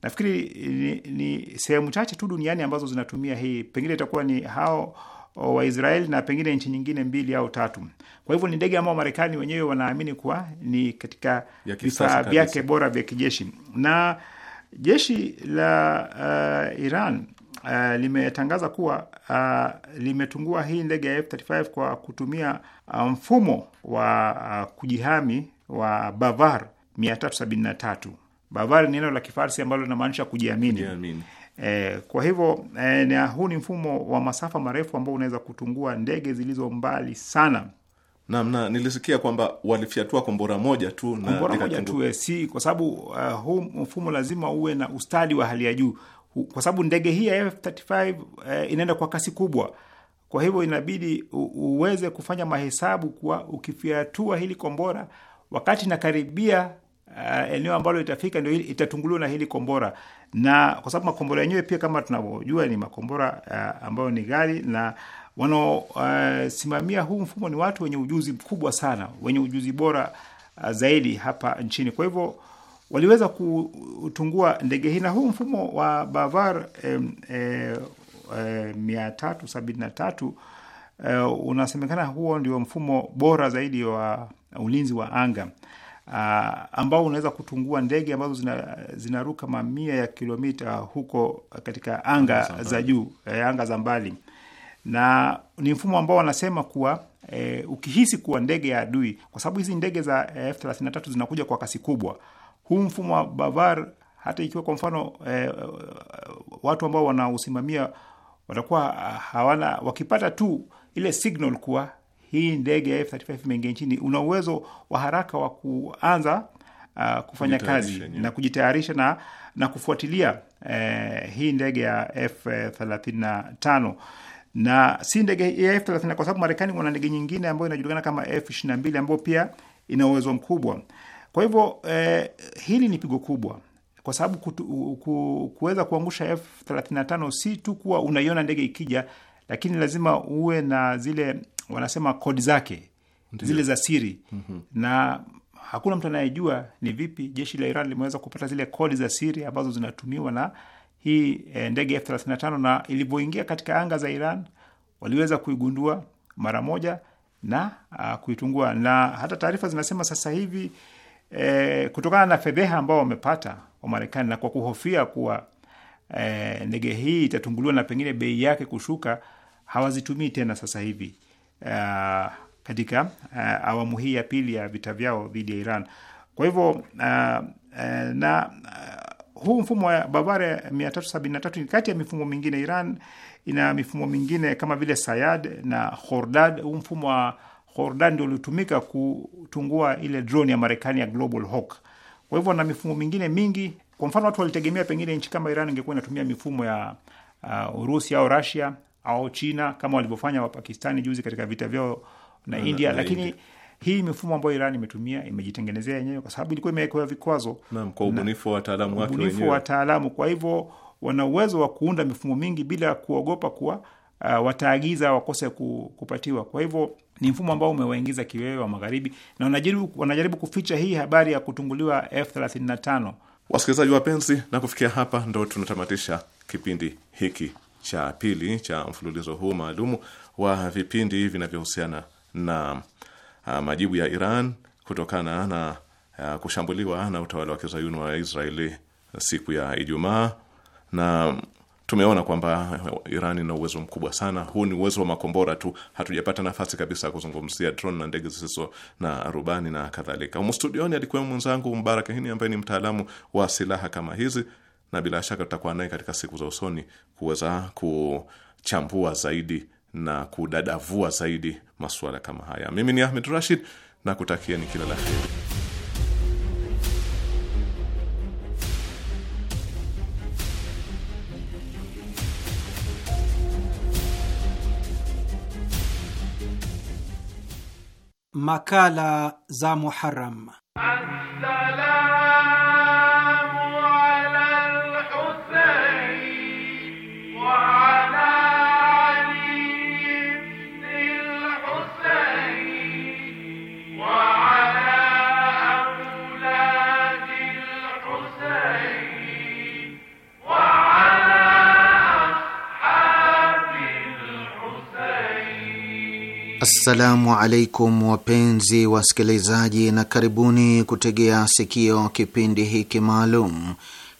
Nafikiri eh, ni, ni sehemu chache tu duniani ambazo zinatumia hii, pengine itakuwa ni hao wa Israel na pengine nchi nyingine mbili au tatu. Kwa hivyo ni ndege ambao Marekani wenyewe wanaamini kuwa ni katika vifaa vyake bora vya kijeshi na jeshi la uh, Iran uh, limetangaza kuwa uh, limetungua hii ndege ya F35 kwa kutumia eh, mfumo wa uh, kujihami wa Bavar 373. Bavar ni neno la Kifarsi ambalo linamaanisha kujiamini, kujiamini. Eh, kwa hivyo eh, na huu ni mfumo wa masafa marefu ambao unaweza kutungua ndege zilizo mbali sana. Naam, na nilisikia kwamba walifyatua kombora moja tu na kombora moja tu, si kwa sababu uh, huu mfumo lazima uwe na ustadi wa hali ya juu kwa sababu ndege hii ya F35 eh, inaenda kwa kasi kubwa. Kwa hivyo inabidi uweze kufanya mahesabu kuwa ukifyatua hili kombora wakati inakaribia uh, eneo ambalo itafika ndio itatunguliwa na hili kombora, na kwa sababu makombora yenyewe pia kama tunavyojua ni makombora uh, ambayo ni ghali na wanaosimamia eh, uh, huu mfumo ni watu wenye ujuzi mkubwa sana, wenye ujuzi bora uh, zaidi hapa nchini. Kwa hivyo waliweza kutungua ndege hii, na huu mfumo wa Bavar eh, eh, eh, mia tatu sabini na tatu eh, unasemekana huo ndio mfumo bora zaidi wa ulinzi wa anga Uh, ambao unaweza kutungua ndege ambazo zina, zinaruka mamia ya kilomita huko katika anga za juu eh, anga za mbali, na ni mfumo ambao wanasema kuwa eh, ukihisi kuwa ndege ya adui, kwa sababu hizi ndege za eh, F33 zinakuja kwa kasi kubwa huu mfumo wa Bavar, hata ikiwa kwa mfano e, watu ambao wanausimamia watakuwa ah, hawana, wakipata tu ile signal kuwa hii ndege ya F35 imeingia nchini, una uwezo wa haraka wa kuanza uh, kufanya kazi na kujitayarisha na, na kufuatilia uh, hii ndege ya F35 na si ndege ya F35 kwa sababu Marekani wana ndege nyingine ambayo inajulikana kama F22 ambayo pia ina uwezo mkubwa. Kwa hivyo eh, hili ni pigo kubwa kwa sababu ku, kuweza kuangusha F35 si tu kuwa unaiona ndege ikija, lakini lazima uwe na zile wanasema kodi zake Ndiyo. zile za siri mm -hmm. na hakuna mtu anayejua ni vipi jeshi la Iran limeweza kupata zile kodi za siri ambazo zinatumiwa na hii eh, ndege F35 na ilivyoingia katika anga za Iran waliweza kuigundua mara moja na uh, kuitungua na hata taarifa zinasema sasa hivi e, kutokana na fedheha ambao wamepata Wamarekani na kwa kuhofia kuwa e, ndege hii itatunguliwa na pengine bei yake kushuka, hawazitumii tena sasa hivi e, katika e, awamu hii ya pili ya vita vyao dhidi ya Iran. Kwa hivyo a, e, e, na a, e, huu mfumo wa Bavaria tatu ni kati ya mifumo mingine. Iran ina mifumo mingine kama vile Sayad na Khordad. Huu mfumo wa Jordan uliotumika kutungua ile drone ya Marekani ya Global Hawk. Kwa hivyo na mifumo mingine mingi, kwa mfano watu walitegemea pengine nchi kama Iran ingekuwa inatumia mifumo ya uh, Urusi au Russia au China kama walivyofanya Wapakistani juzi katika vita vyao na, na India na lakini India. Hii mifumo ambayo Iran imetumia imejitengenezea yenyewe kwa sababu ilikuwa imewekewa vikwazo kwa ubunifu wa wataalamu wake wenyewe. Ubunifu wa wataalamu, kwa hivyo wana uwezo wa kuunda mifumo mingi bila kuogopa kuwa uh, wataagiza wakose kupatiwa. Kwa hivyo ni mfumo ambao umewaingiza kiwewe wa magharibi na wanajaribu, wanajaribu kuficha hii habari ya kutunguliwa F35. Wasikilizaji wapenzi, na kufikia hapa ndo tunatamatisha kipindi hiki cha pili cha mfululizo huu maalumu wa vipindi vinavyohusiana na uh, majibu ya Iran kutokana na uh, kushambuliwa na utawala wa kizayuni wa Israeli siku ya Ijumaa na tumeona kwamba Iran ina uwezo mkubwa sana. Huu ni uwezo wa makombora tu, hatujapata nafasi kabisa ya kuzungumzia drone na ndege zisizo na rubani na kadhalika. Mstudioni studioni alikuwa mwenzangu Mbarak Hini ambaye ni mtaalamu wa silaha kama hizi, na bila shaka tutakuwa naye katika siku za usoni kuweza kuchambua zaidi na kudadavua zaidi masuala kama haya. Mimi ni Ahmed Rashid na kutakieni kila la heri. Makala za Muharram. Assalamu alaikum wapenzi wasikilizaji, na karibuni kutegea sikio kipindi hiki maalum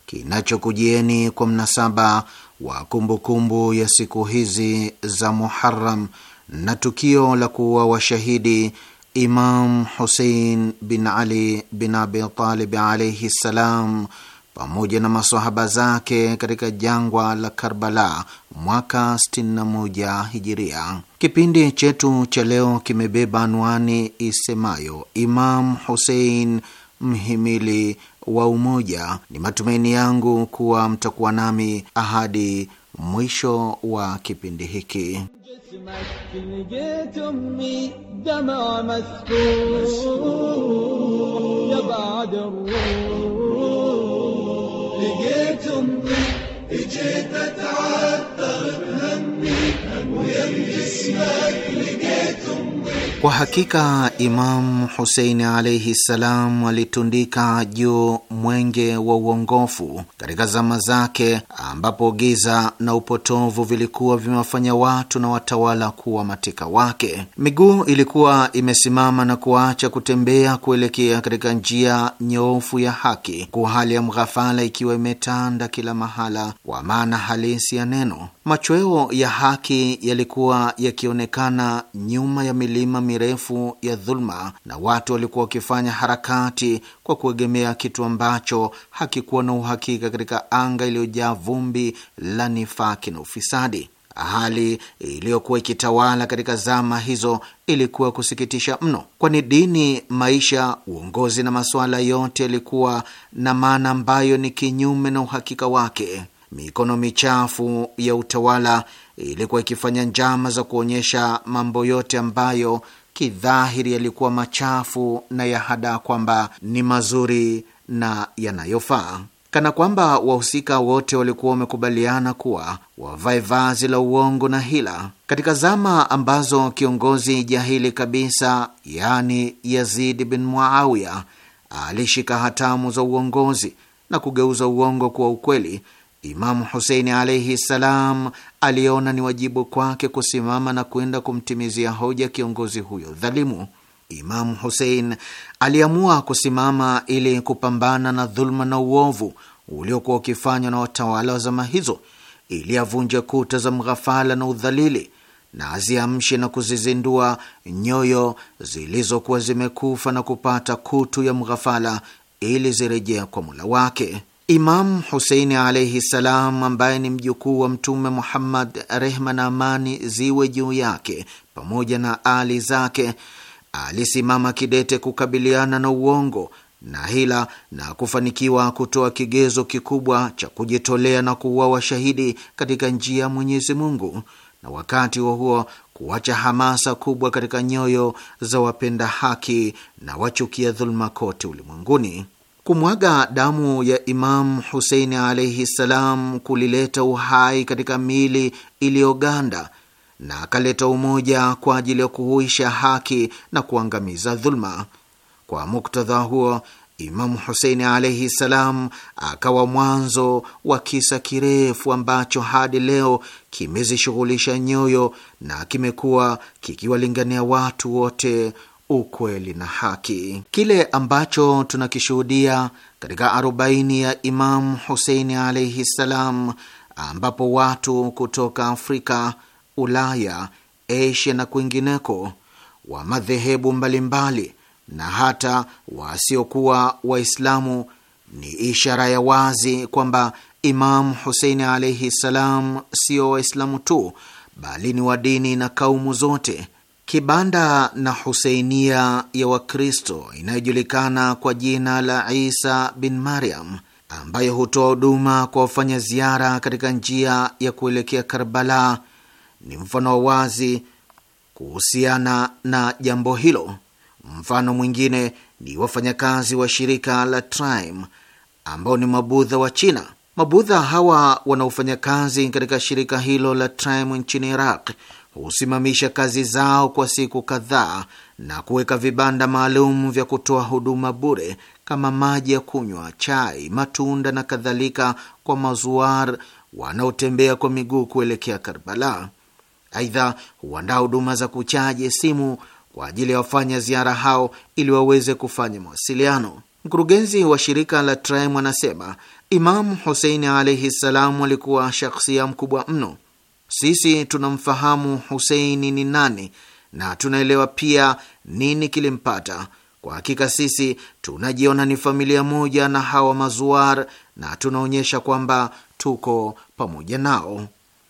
kinachokujieni kwa mnasaba wa kumbukumbu ya siku hizi za Muharram na tukio la kuwa washahidi Imam Husein bin Ali bin Abi Talib alaihi ssalam pamoja na masahaba zake katika jangwa la Karbala mwaka 61 Hijiria. Kipindi chetu cha leo kimebeba anwani isemayo Imam Husein, mhimili wa umoja. Ni matumaini yangu kuwa mtakuwa nami ahadi mwisho wa kipindi hiki. لقيت امي اجيت اتعثر بهمي Kwa hakika Imamu Huseini alaihi ssalam alitundika juu mwenge wa uongofu katika zama zake, ambapo giza na upotovu vilikuwa vimewafanya watu na watawala kuwa mateka wake. Miguu ilikuwa imesimama na kuacha kutembea kuelekea katika njia nyoofu ya haki, huku hali ya mghafala ikiwa imetanda kila mahala kwa maana halisi ya neno. Machweo ya haki ya yalikuwa yakionekana nyuma ya milima mirefu ya dhuluma, na watu walikuwa wakifanya harakati kwa kuegemea kitu ambacho hakikuwa na uhakika katika anga iliyojaa vumbi la nifaki na ufisadi. Hali iliyokuwa ikitawala katika zama hizo ilikuwa kusikitisha mno, kwani dini, maisha, uongozi na masuala yote yalikuwa na maana ambayo ni kinyume na uhakika wake mikono michafu ya utawala ilikuwa ikifanya njama za kuonyesha mambo yote ambayo kidhahiri yalikuwa machafu na ya hada kwamba ni mazuri na yanayofaa, kana kwamba wahusika wote walikuwa wamekubaliana kuwa wavae vazi la uongo na hila. Katika zama ambazo kiongozi jahili kabisa, yani Yazidi bin Muawiya, alishika hatamu za uongozi na kugeuza uongo kuwa ukweli Imamu Huseini alaihi ssalam aliona ni wajibu kwake kusimama na kwenda kumtimizia hoja kiongozi huyo dhalimu. Imamu Husein aliamua kusimama ili kupambana na dhuluma na uovu uliokuwa ukifanywa na watawala wa zama hizo, ili avunje kuta za mghafala na udhalili na aziamshe na kuzizindua nyoyo zilizokuwa zimekufa na kupata kutu ya mghafala ili zirejea kwa mula wake. Imamu Huseini alaihi ssalam, ambaye ni mjukuu wa Mtume Muhammad, rehma na amani ziwe juu yake, pamoja na ali zake, alisimama kidete kukabiliana na uongo na hila na kufanikiwa kutoa kigezo kikubwa cha kujitolea na kuuawa shahidi katika njia ya Mwenyezi Mungu, na wakati wa huo kuacha hamasa kubwa katika nyoyo za wapenda haki na wachukia dhuluma kote ulimwenguni. Kumwaga damu ya Imamu Huseini alaihi ssalam kulileta uhai katika mili iliyoganda na akaleta umoja kwa ajili ya kuhuisha haki na kuangamiza dhuluma. Kwa muktadha huo, Imamu Huseini alaihi ssalam akawa mwanzo wa kisa kirefu ambacho hadi leo kimezishughulisha nyoyo na kimekuwa kikiwalingania watu wote ukweli na haki. Kile ambacho tunakishuhudia katika arobaini ya Imamu Huseini alaihi ssalam, ambapo watu kutoka Afrika, Ulaya, Asia na kwingineko wa madhehebu mbalimbali na hata wasiokuwa Waislamu ni ishara ya wazi kwamba Imamu Huseini alaihi ssalam sio Waislamu tu bali ni wa dini na kaumu zote Kibanda na huseinia ya Wakristo inayojulikana kwa jina la Isa bin Mariam, ambayo hutoa huduma kwa wafanya ziara katika njia ya kuelekea Karbala, ni mfano wa wazi kuhusiana na jambo hilo. Mfano mwingine ni wafanyakazi wa shirika la Time ambao ni mabudha wa China. Mabudha hawa wanaofanya kazi katika shirika hilo la Time nchini Iraq husimamisha kazi zao kwa siku kadhaa na kuweka vibanda maalum vya kutoa huduma bure kama maji ya kunywa, chai, matunda na kadhalika kwa mazuar wanaotembea kwa miguu kuelekea Karbala. Aidha, huandaa huduma za kuchaji simu kwa ajili ya wafanya ziara hao ili waweze kufanya mawasiliano. Mkurugenzi wa shirika la Trim anasema Imamu Huseini alaihi ssalam alikuwa shakhsia mkubwa mno sisi tunamfahamu Huseini ni nani na tunaelewa pia nini kilimpata. Kwa hakika sisi tunajiona ni familia moja na hawa mazuar na tunaonyesha kwamba tuko pamoja nao.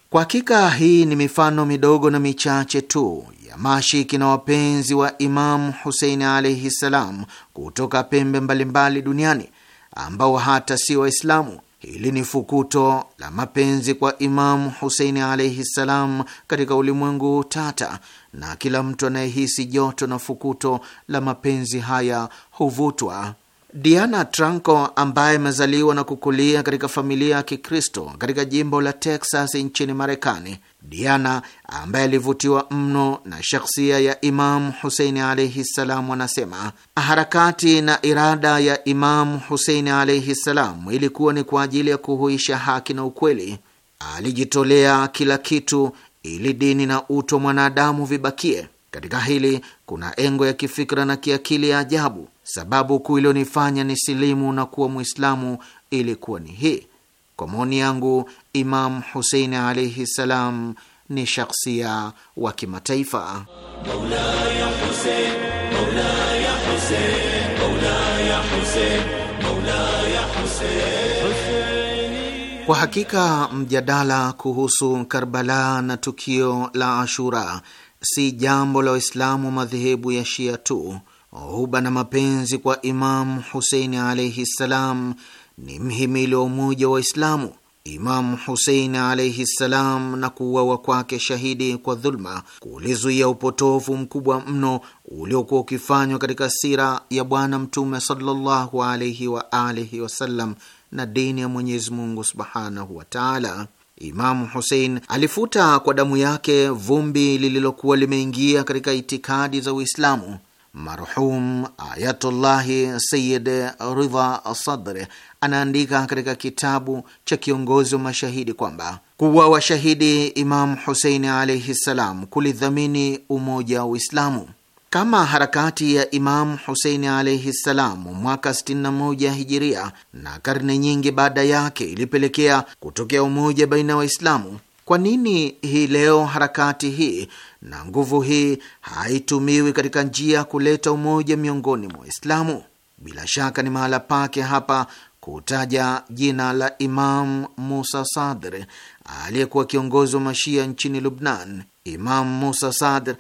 Kwa hakika hii ni mifano midogo na michache tu ya mashiki na wapenzi wa Imamu Huseini alaihi ssalam kutoka pembe mbalimbali duniani ambao hata si Waislamu Hili ni fukuto la mapenzi kwa Imamu Huseini alaihi ssalam katika ulimwengu tata, na kila mtu anayehisi joto na fukuto la mapenzi haya huvutwa Diana Tranko ambaye amezaliwa na kukulia katika familia ya Kikristo katika jimbo la Texas nchini Marekani. Diana ambaye alivutiwa mno na shakhsia ya Imamu Huseini alaihi ssalam, anasema harakati na irada ya Imamu Huseini alaihi ssalam ilikuwa ni kwa ajili ya kuhuisha haki na ukweli. Alijitolea kila kitu ili dini na utu wa mwanadamu vibakie. Katika hili kuna engo ya kifikra na kiakili ya ajabu. Sababu kuu iliyonifanya nisilimu na kuwa Mwislamu ilikuwa ni hii. Kwa maoni yangu, Imam Husein alaihi ssalam ni shakhsia wa kimataifa. Kwa hakika mjadala kuhusu Karbala na tukio la Ashura si jambo la Waislamu madhehebu ya Shia tu huba na mapenzi kwa Imamu Huseini alaihi ssalam ni mhimili wa umoja wa Islamu. Imamu Husein alaihi ssalam na kuuawa kwake shahidi kwa dhuluma kulizuia upotofu mkubwa mno uliokuwa ukifanywa katika sira ya Bwana Mtume sallallahu alaihi wa alihi wasallam na dini ya Mwenyezi Mungu subhanahu wa taala. Imamu Husein alifuta kwa damu yake vumbi lililokuwa limeingia katika itikadi za Uislamu. Marhum Ayatullahi Sayid Ridha Sadri anaandika katika kitabu cha Kiongozi wa Mashahidi kwamba kuwa washahidi Imamu Huseini alaihi ssalam kulidhamini umoja wa Uislamu kama harakati ya Imamu Huseini alaihi ssalam mwaka 61 hijiria na karne nyingi baada yake ilipelekea kutokea umoja baina ya Waislamu. Kwa nini hii leo harakati hii na nguvu hii haitumiwi katika njia ya kuleta umoja miongoni mwa Waislamu? Bila shaka ni mahala pake hapa kutaja jina la Imam Musa Sadr aliyekuwa kiongozi wa Mashia nchini Lubnan. Imam Musa Sadr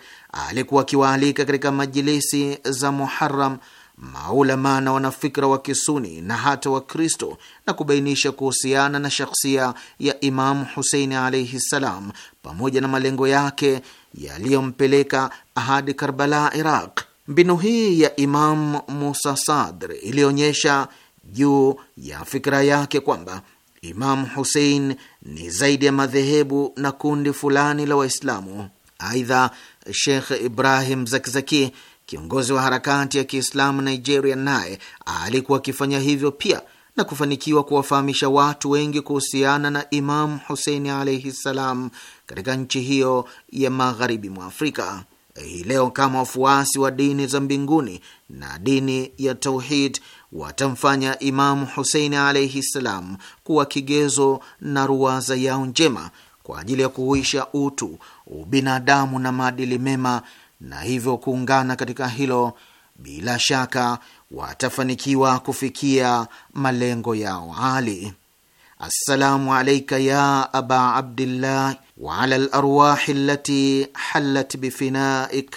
alikuwa akiwaalika katika majilisi za Muharam maulama na wanafikra wa Kisuni na hata Wakristo na kubainisha kuhusiana na shakhsia ya Imamu Huseini alaihi ssalam, pamoja na malengo yake yaliyompeleka hadi Karbala, Iraq. Mbinu hii ya Imam Musa Sadr ilionyesha juu ya fikra yake kwamba Imamu Husein ni zaidi ya madhehebu na kundi fulani la Waislamu. Aidha, Shekh Ibrahim Zakzaki Kiongozi wa harakati ya Kiislamu Nigeria naye alikuwa akifanya hivyo pia na kufanikiwa kuwafahamisha watu wengi kuhusiana na Imamu Huseini alaihi ssalam katika nchi hiyo ya magharibi mwa Afrika. Hii leo kama wafuasi wa dini za mbinguni na dini ya tauhid watamfanya Imamu Huseini alaihi ssalam kuwa kigezo na ruwaza yao njema kwa ajili ya kuhuisha utu, ubinadamu na maadili mema na hivyo kuungana katika hilo, bila shaka watafanikiwa kufikia malengo yao ali. Assalamu alaika ya aba Abdillah wa waala larwahi lati halat bifinaik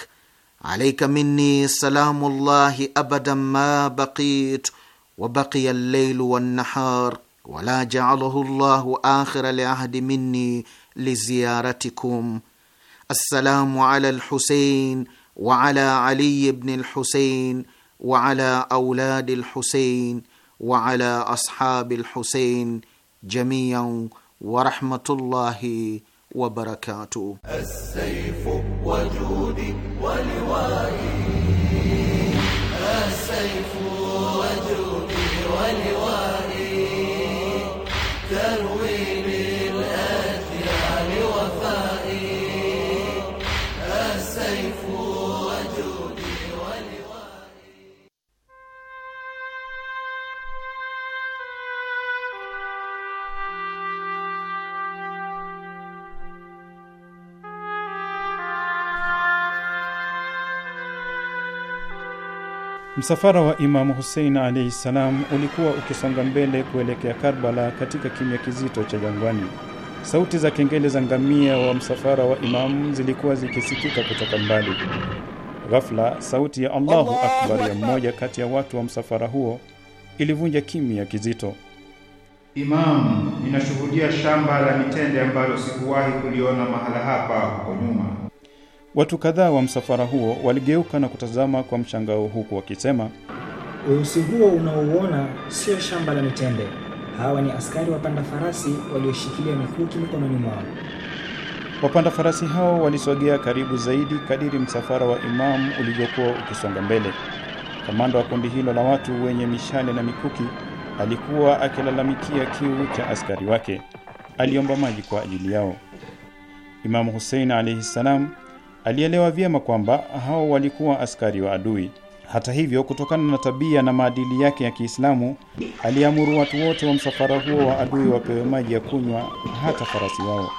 alaika minni salamu llahi abadan ma baqit wa baqiya lleilu wannahar wala jaalahu llahu akhira liahdi minni liziaratikum السلام على الحسين وعلى علي بن الحسين وعلى اولاد الحسين وعلى اصحاب الحسين جميعا ورحمه الله وبركاته السيف وجودي ولوائي Msafara wa Imamu Husein alaihi ssalam ulikuwa ukisonga mbele kuelekea Karbala katika kimya kizito cha jangwani. Sauti za kengele za ngamia wa msafara wa Imamu zilikuwa zikisikika kutoka mbali. Ghafla, sauti ya Allahu akbar ya mmoja kati ya watu wa msafara huo ilivunja kimya kizito. Imamu, ninashuhudia shamba la mitende ambalo sikuwahi kuliona mahala hapa huko nyuma. Watu kadhaa wa msafara huo waligeuka na kutazama kwa mshangao, huku wakisema, weusi huo unaouona sio shamba la mitende. Hawa ni askari wapanda farasi walioshikilia mikuki mikononi mwao. Wapanda farasi hao walisogea karibu zaidi kadiri msafara wa Imamu ulivyokuwa ukisonga mbele. Kamanda wa kundi hilo la watu wenye mishale na mikuki alikuwa akilalamikia kiu cha askari wake. Aliomba maji kwa ajili yao. Imamu Hussein alayhi salam Alielewa vyema kwamba hao walikuwa askari wa adui. Hata hivyo, kutokana na tabia na maadili yake ya Kiislamu, aliamuru watu wote wa msafara huo wa adui wapewe maji ya kunywa, hata farasi wao.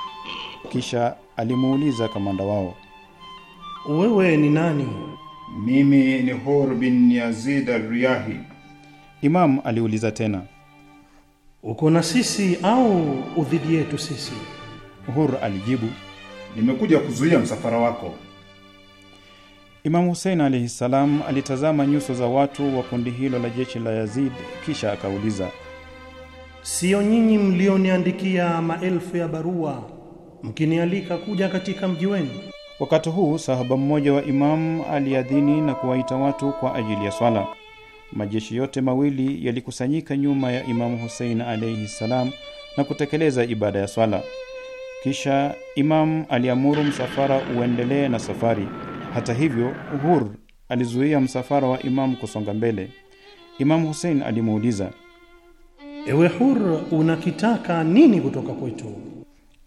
Kisha alimuuliza kamanda wao, wewe ni nani? Mimi ni Hur bin Yazid al-Riyahi. Imam aliuliza tena, uko na sisi au udhidi yetu sisi? Hur alijibu nimekuja kuzuia msafara wako. Imamu Husein alaihi ssalam alitazama nyuso za watu wa kundi hilo la jeshi la Yazid, kisha akauliza, siyo nyinyi mlioniandikia maelfu ya barua mkinialika kuja katika mji wenu? Wakati huu sahaba mmoja wa imamu aliadhini na kuwaita watu kwa ajili ya swala. Majeshi yote mawili yalikusanyika nyuma ya Imamu Husein alaihi ssalam na kutekeleza ibada ya swala. Kisha Imam aliamuru msafara uendelee na safari. Hata hivyo, Hur alizuia msafara wa Imam kusonga mbele. Imam Hussein alimuuliza, ewe Hur, unakitaka nini kutoka kwetu?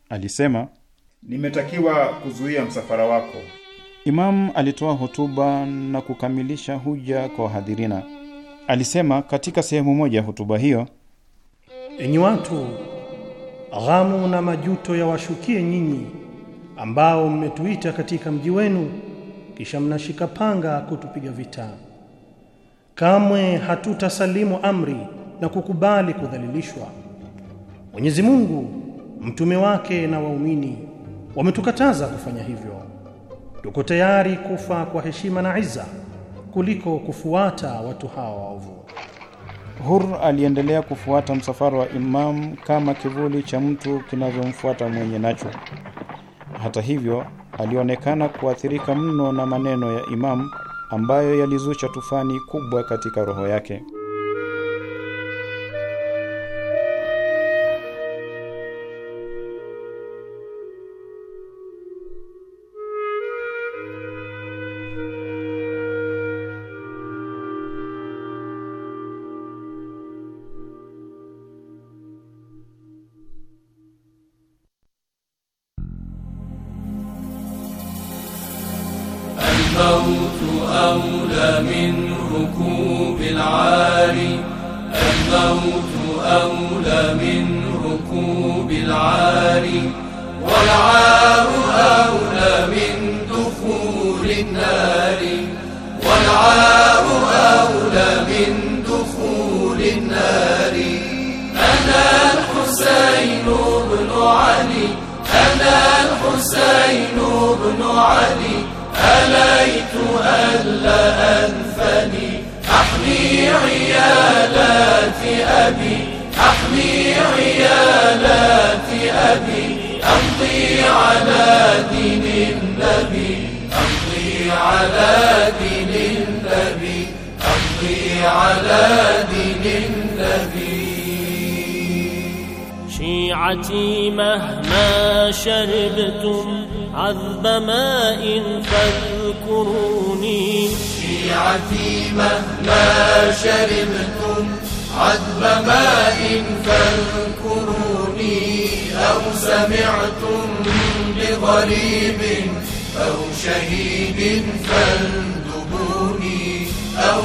Alisema, nimetakiwa kuzuia msafara wako. Imam alitoa hotuba na kukamilisha huja kwa wahadhirina. Alisema katika sehemu moja ya hotuba hiyo, enyi watu Ghamu na majuto yawashukie nyinyi ambao mmetuita katika mji wenu, kisha mnashika panga kutupiga vita. Kamwe hatutasalimu amri na kukubali kudhalilishwa. Mwenyezi Mungu, mtume wake na waumini wametukataza kufanya hivyo. Tuko tayari kufa kwa heshima na iza kuliko kufuata watu hawa waovu. Hur aliendelea kufuata msafara wa imamu kama kivuli cha mtu kinavyomfuata mwenye nacho. Hata hivyo, alionekana kuathirika mno na maneno ya imamu ambayo yalizusha tufani kubwa katika roho yake.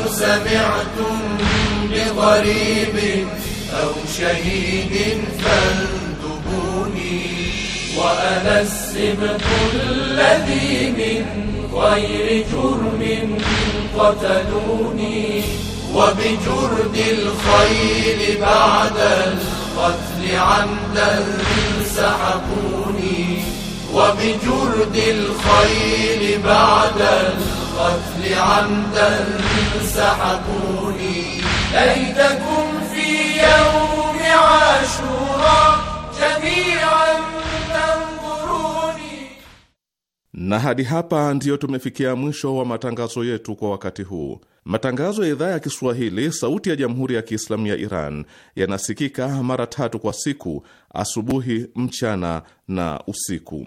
أو سمعتم بغريب أو شهيد فاندبوني وأنا السبق الذي من غير جرم قتلوني وبجرد الخيل بعد القتل عن عمدا سحقوني وبجرد الخيل بعد القتل القتل عمدا سحقوني ليتكم في يوم عاشورا جميعا تنظروني na hadi hapa ndiyo tumefikia mwisho wa matangazo yetu kwa wakati huu. Matangazo ya idhaa ya Kiswahili sauti ya jamhuri ya Kiislamu ya Iran yanasikika mara tatu kwa siku: asubuhi, mchana na usiku.